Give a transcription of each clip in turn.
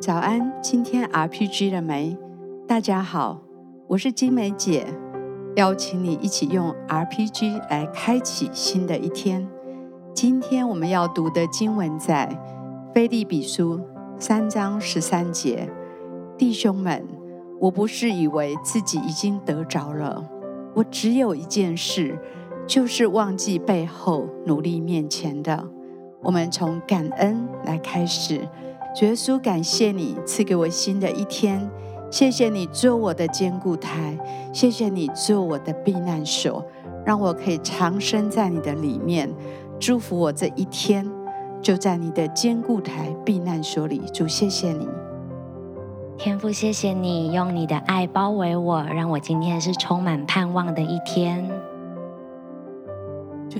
早安，今天 RPG 了沒？大家好，我是晶玫姊，邀請你一起用 RPG 來開啟新的一天。今天我們要讀的經文在《腓立比書》三章十三節。弟兄們，我不是以為自己已經得着了，我只有一件事，就是忘記背後，努力面前的。我們從感恩來開始。主耶穌，感謝你賜給我新的一天，謝謝你做我的堅固臺，謝謝你做我的避難所，讓我可以藏身在你的裡面，祝福我這一天就在你的堅固臺避難所裡。主，謝謝你。天父，謝謝你用你的愛包圍我，讓我今天是充滿盼望的一天。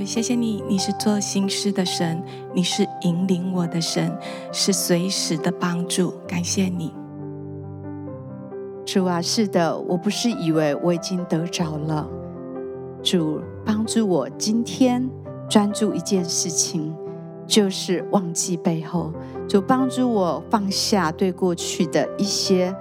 謝謝你，你是做新事的神，你是引領我的神，是隨時的幫助。感謝你，主啊！是的，我不是以為我已經得着了，主幫助我今天專注一件事情，就是忘記背後。主幫助我放下對過去的一些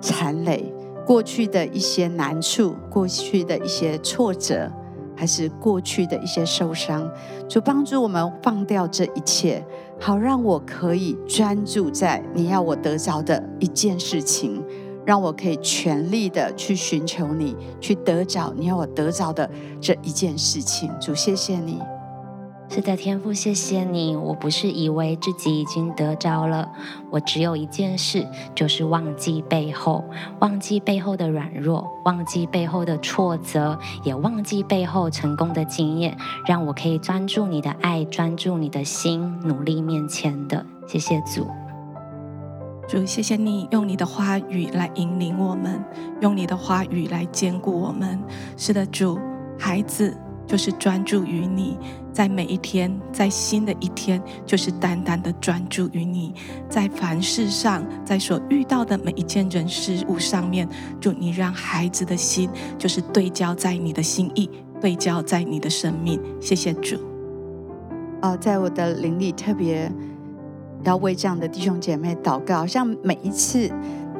纏累、過去的一些難處、過去的一些挫折。還是過去的一些受傷，主幫助我們放掉這一切，好讓我可以專注在你要我得着的一件事情，讓我可以全力的去尋求你，去得着你要我得着的這一件事情。主，謝謝你。是的，天父，謝謝你。我不是以為自己已經得着了，我只有一件事，就是忘記背後，忘記背後的軟弱，忘記背後的挫折，也忘記背後成功的經驗，讓我可以專注你的愛，專注你的心，努力面前的。謝謝主，主，謝謝你用你的話語來引領我們，用你的話語來堅固我們。是的，主，孩子。就是專注於你，在每一天，在新的一天，就是單單的專注於你，在凡事上，在所遇到的每一件人事物上面，祝你讓孩子的心就是對焦在你的心意，對焦在你的生命。謝謝主。哦，在我的靈裡特別要為這樣的弟兄姐妹禱告，好像每一次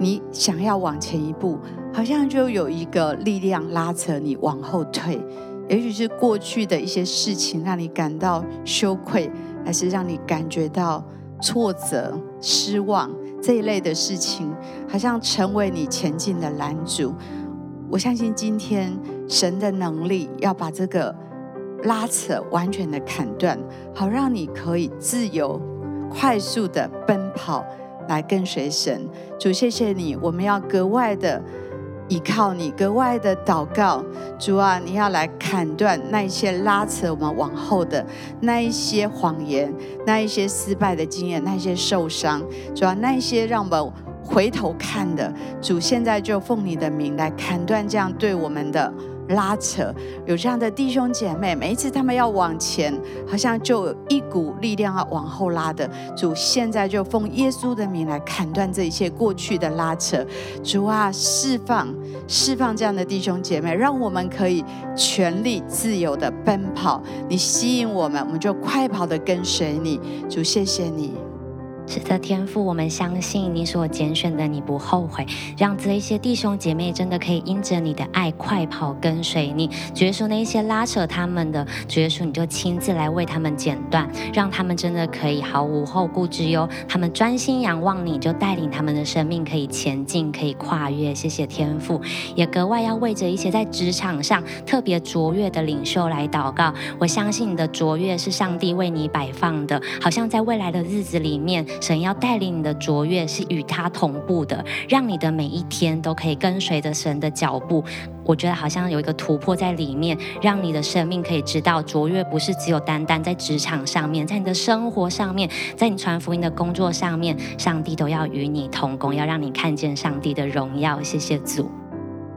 你想要往前一步，好像就有一個力量拉扯你往後退。也許是過去的一些事情讓你感到羞愧，還是讓你感覺到挫折、失望，這一類的事情，好像成為你前進的攔阻。我相信今天神的能力要把這個拉扯完全的砍斷，好讓你可以自由、快速的奔跑來跟隨神。主，謝謝你，我們要格外的。依靠你格外的禱告，主啊，你要來砍斷那一些拉扯我們往後的那一些謊言，那一些失敗的經驗，那一些受傷，主啊，那一些讓我們回頭看的，主現在就奉你的名來砍斷這樣對我們的。拉扯，有這樣的弟兄姐妹，每一次他們要往前，好像就有一股力量要往後拉的。主，現在就奉耶穌的名來砍斷這一切過去的拉扯。主啊，釋放、釋放這樣的弟兄姐妹，讓我們可以全力自由地奔跑。你吸引我們，我們就快跑地跟隨你。主，謝謝你。是的，天父，我們相信你所揀選的，你不後悔。讓這一些弟兄姐妹真的可以因着你的愛快跑跟隨你。主耶穌，那一些拉扯他們的，主耶穌，你就親自來為他們剪斷，讓他們真的可以毫無後顧之憂。他們專心仰望你，就帶領他們的生命可以前進，可以跨越。謝謝天父，也格外要為着一些在職場上特別卓越的領袖來禱告。我相信你的卓越是上帝為你擺放的，好像在未來的日子裡面。神要帶領你的卓越是與他同步的，讓你的每一天都可以跟隨着神的腳步。我覺得好像有一個突破在裡面，讓你的生命可以知道，卓越不是只有單單在職場上面，在你的生活上面，在你傳福音的工作上面，上帝都要與你同工，要讓你看見上帝的榮耀。謝謝主。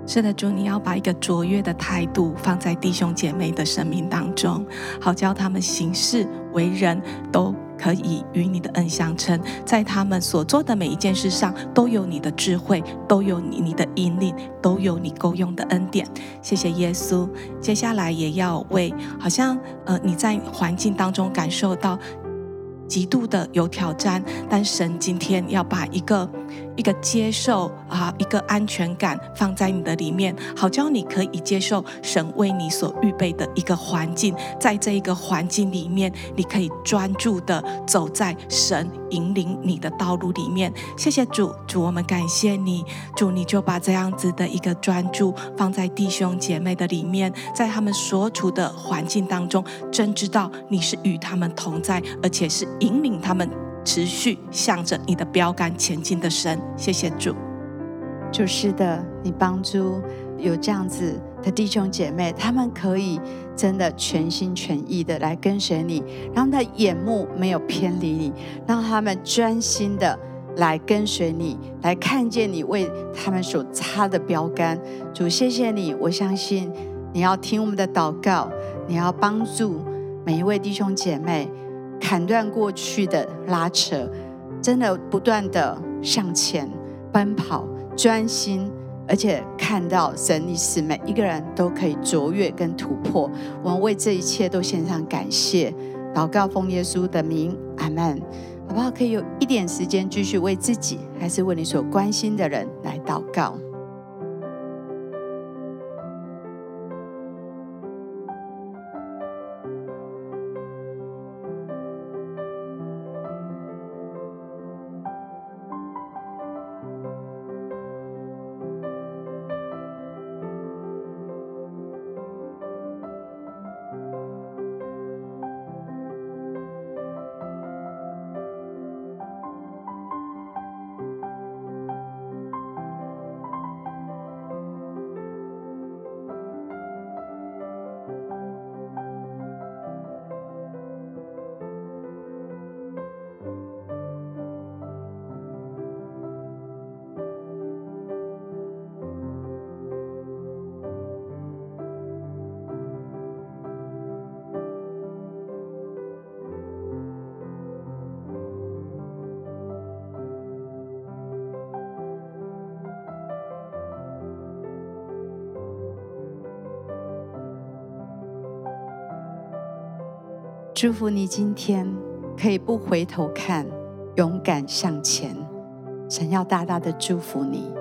是的，主，你要把一個卓越的態度放在弟兄姐妹的生命當中，好叫他們行事為人都。可以與你的恩相稱，在他們所做的每一件事上，都有你的智慧，都有你你的引領，都有你夠用的恩典。謝謝耶穌。接下來也要為，好像，呃，你在環境當中感受到極度的有挑戰，但神今天要把一個。一個接受啊，一個安全感放在你的裡面，好叫你可以接受神為你所預備的一個環境，在這一個環境裡面，你可以專注地走在神引領你的道路裡面。謝謝主，主我們感謝你，主，你就把這樣子的一個專注放在弟兄姐妹的裡面，在他們所處的環境當中，真知道你是與他們同在，而且是引領他們。持續向着你的標杆前進的神，謝謝主。主是的，你幫助有這樣子的弟兄姐妹，他們可以真的全心全意的來跟隨你，讓他眼目沒有偏離你，讓他們專心的來跟隨你，來看見你為他們所插的標杆。主，謝謝你，我相信你要聽我們的禱告，你要幫助每一位弟兄姐妹。砍斷過去的拉扯，真的不斷的向前奔跑，專心，而且看到神，你使每一個人都可以卓越跟突破。我們為這一切都獻上感謝，禱告奉耶穌的名，阿們，好不好？可以有一點時間繼續為自己，還是為你所關心的人來禱告？祝福你今天可以不回頭看，勇敢向前。神要大大的祝福你。